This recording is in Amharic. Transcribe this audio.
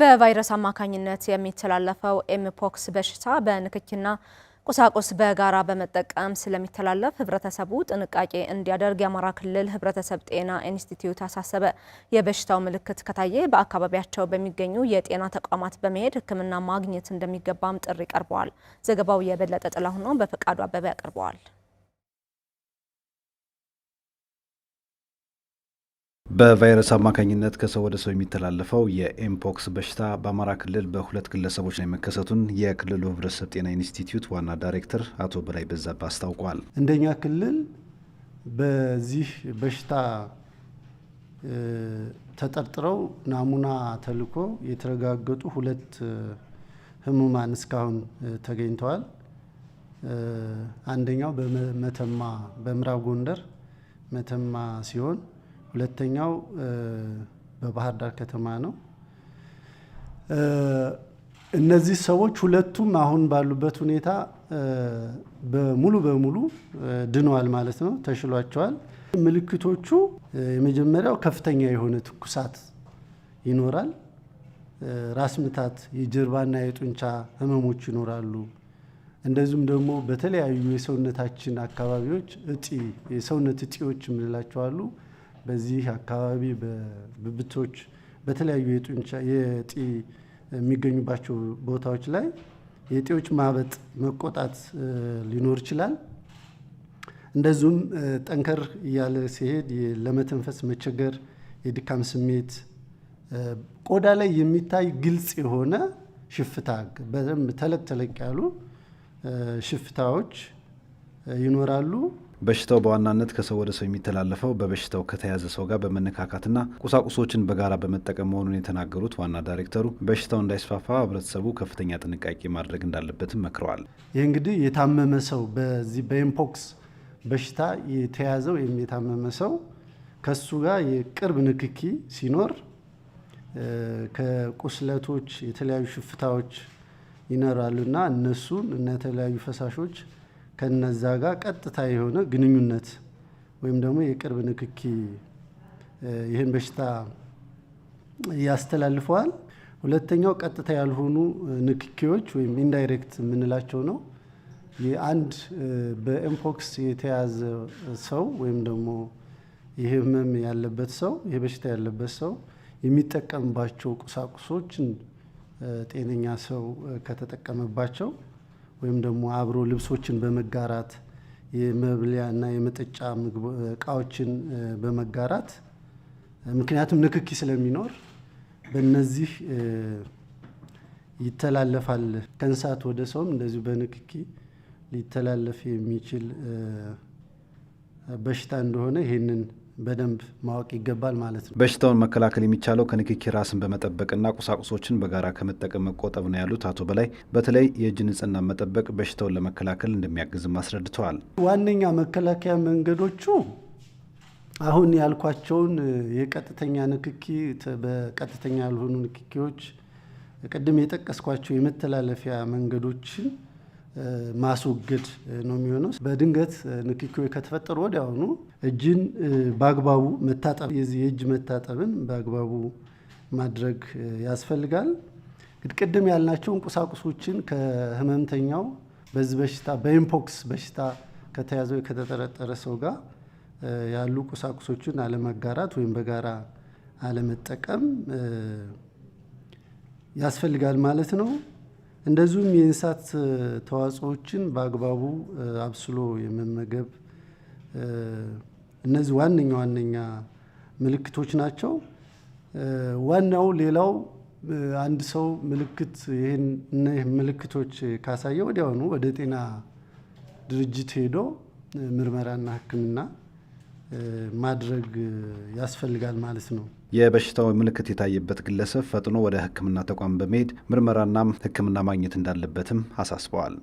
በቫይረስ አማካኝነት የሚተላለፈው ኤምፖክስ በሽታ በንክኪና ቁሳቁስ በጋራ በመጠቀም ስለሚተላለፍ ህብረተሰቡ ጥንቃቄ እንዲያደርግ የአማራ ክልል ህብረተሰብ ጤና ኢንስቲትዩት አሳሰበ። የበሽታው ምልክት ከታየ በአካባቢያቸው በሚገኙ የጤና ተቋማት በመሄድ ሕክምና ማግኘት እንደሚገባም ጥሪ ቀርበዋል። ዘገባው የበለጠ ጥላሁን ነው፣ በፈቃዱ አበበ ያቀርበዋል። በቫይረስ አማካኝነት ከሰው ወደ ሰው የሚተላለፈው የኤምፖክስ በሽታ በአማራ ክልል በሁለት ግለሰቦች ላይ መከሰቱን የክልሉ ሕብረተሰብ ጤና ኢንስቲትዩት ዋና ዳይሬክተር አቶ በላይ በዛብህ አስታውቋል። እንደኛ ክልል በዚህ በሽታ ተጠርጥረው ናሙና ተልኮ የተረጋገጡ ሁለት ህሙማን እስካሁን ተገኝተዋል። አንደኛው በመተማ በምዕራብ ጎንደር መተማ ሲሆን ሁለተኛው በባህር ዳር ከተማ ነው። እነዚህ ሰዎች ሁለቱም አሁን ባሉበት ሁኔታ በሙሉ በሙሉ ድነዋል ማለት ነው፣ ተሽሏቸዋል። ምልክቶቹ የመጀመሪያው ከፍተኛ የሆነ ትኩሳት ይኖራል፣ ራስ ምታት፣ የጀርባና የጡንቻ ህመሞች ይኖራሉ። እንደዚሁም ደግሞ በተለያዩ የሰውነታችን አካባቢዎች እጢ የሰውነት እጢዎች የምንላቸው አሉ በዚህ አካባቢ በብብቶች በተለያዩ የጡንቻ የጤ የሚገኙባቸው ቦታዎች ላይ የጤዎች ማበጥ መቆጣት ሊኖር ይችላል። እንደዚሁም ጠንከር እያለ ሲሄድ ለመተንፈስ መቸገር፣ የድካም ስሜት፣ ቆዳ ላይ የሚታይ ግልጽ የሆነ ሽፍታ በደንብ ተለቅ ተለቅ ያሉ ሽፍታዎች ይኖራሉ። በሽታው በዋናነት ከሰው ወደ ሰው የሚተላለፈው በበሽታው ከተያዘ ሰው ጋር በመነካካትና ቁሳቁሶችን በጋራ በመጠቀም መሆኑን የተናገሩት ዋና ዳይሬክተሩ በሽታው እንዳይስፋፋ ህብረተሰቡ ከፍተኛ ጥንቃቄ ማድረግ እንዳለበትም መክረዋል። ይህ እንግዲህ የታመመ ሰው በዚህ በኤምፖክስ በሽታ የተያዘው ወይም የታመመ ሰው ከሱ ጋር የቅርብ ንክኪ ሲኖር ከቁስለቶች የተለያዩ ሽፍታዎች ይኖራሉና እነሱን እና የተለያዩ ፈሳሾች ከነዛ ጋር ቀጥታ የሆነ ግንኙነት ወይም ደግሞ የቅርብ ንክኪ ይህን በሽታ ያስተላልፈዋል። ሁለተኛው ቀጥታ ያልሆኑ ንክኪዎች ወይም ኢንዳይሬክት የምንላቸው ነው። የአንድ በኤምፖክስ የተያዘ ሰው ወይም ደግሞ ይህ ህመም ያለበት ሰው ይህ በሽታ ያለበት ሰው የሚጠቀምባቸው ቁሳቁሶችን ጤነኛ ሰው ከተጠቀመባቸው ወይም ደግሞ አብሮ ልብሶችን በመጋራት የመብሊያ እና የመጠጫ እቃዎችን በመጋራት ምክንያቱም ንክኪ ስለሚኖር በነዚህ ይተላለፋል። ከእንስሳት ወደ ሰውም እንደዚሁ በንክኪ ሊተላለፍ የሚችል በሽታ እንደሆነ ይህንን በደንብ ማወቅ ይገባል ማለት ነው። በሽታውን መከላከል የሚቻለው ከንክኪ ራስን በመጠበቅና ቁሳቁሶችን በጋራ ከመጠቀም መቆጠብ ነው ያሉት አቶ በላይ በተለይ የእጅ ንጽህና መጠበቅ በሽታውን ለመከላከል እንደሚያግዝም አስረድተዋል። ዋነኛ መከላከያ መንገዶቹ አሁን ያልኳቸውን የቀጥተኛ ንክኪ፣ በቀጥተኛ ያልሆኑ ንክኪዎች፣ ቅድም የጠቀስኳቸው የመተላለፊያ መንገዶችን ማስወገድ ነው የሚሆነው። በድንገት ንክኪ ከተፈጠሩ ወዲያውኑ እጅን በአግባቡ መታጠብ የዚህ የእጅ መታጠብን በአግባቡ ማድረግ ያስፈልጋል። ቅድም ያልናቸውን ቁሳቁሶችን ከህመምተኛው በዚህ በሽታ በኢምፖክስ በሽታ ከተያዘው ከተጠረጠረ ሰው ጋር ያሉ ቁሳቁሶችን አለመጋራት ወይም በጋራ አለመጠቀም ያስፈልጋል ማለት ነው። እንደዚሁም የእንስሳት ተዋጽኦችን በአግባቡ አብስሎ የመመገብ እነዚህ ዋነኛ ዋነኛ ምልክቶች ናቸው። ዋናው ሌላው አንድ ሰው ምልክት ይህን ምልክቶች ካሳየ ወዲያውኑ ወደ ጤና ድርጅት ሄዶ ምርመራና ሕክምና ማድረግ ያስፈልጋል ማለት ነው። የበሽታው ምልክት የታየበት ግለሰብ ፈጥኖ ወደ ሕክምና ተቋም በመሄድ ምርመራና ሕክምና ማግኘት እንዳለበትም አሳስበዋል።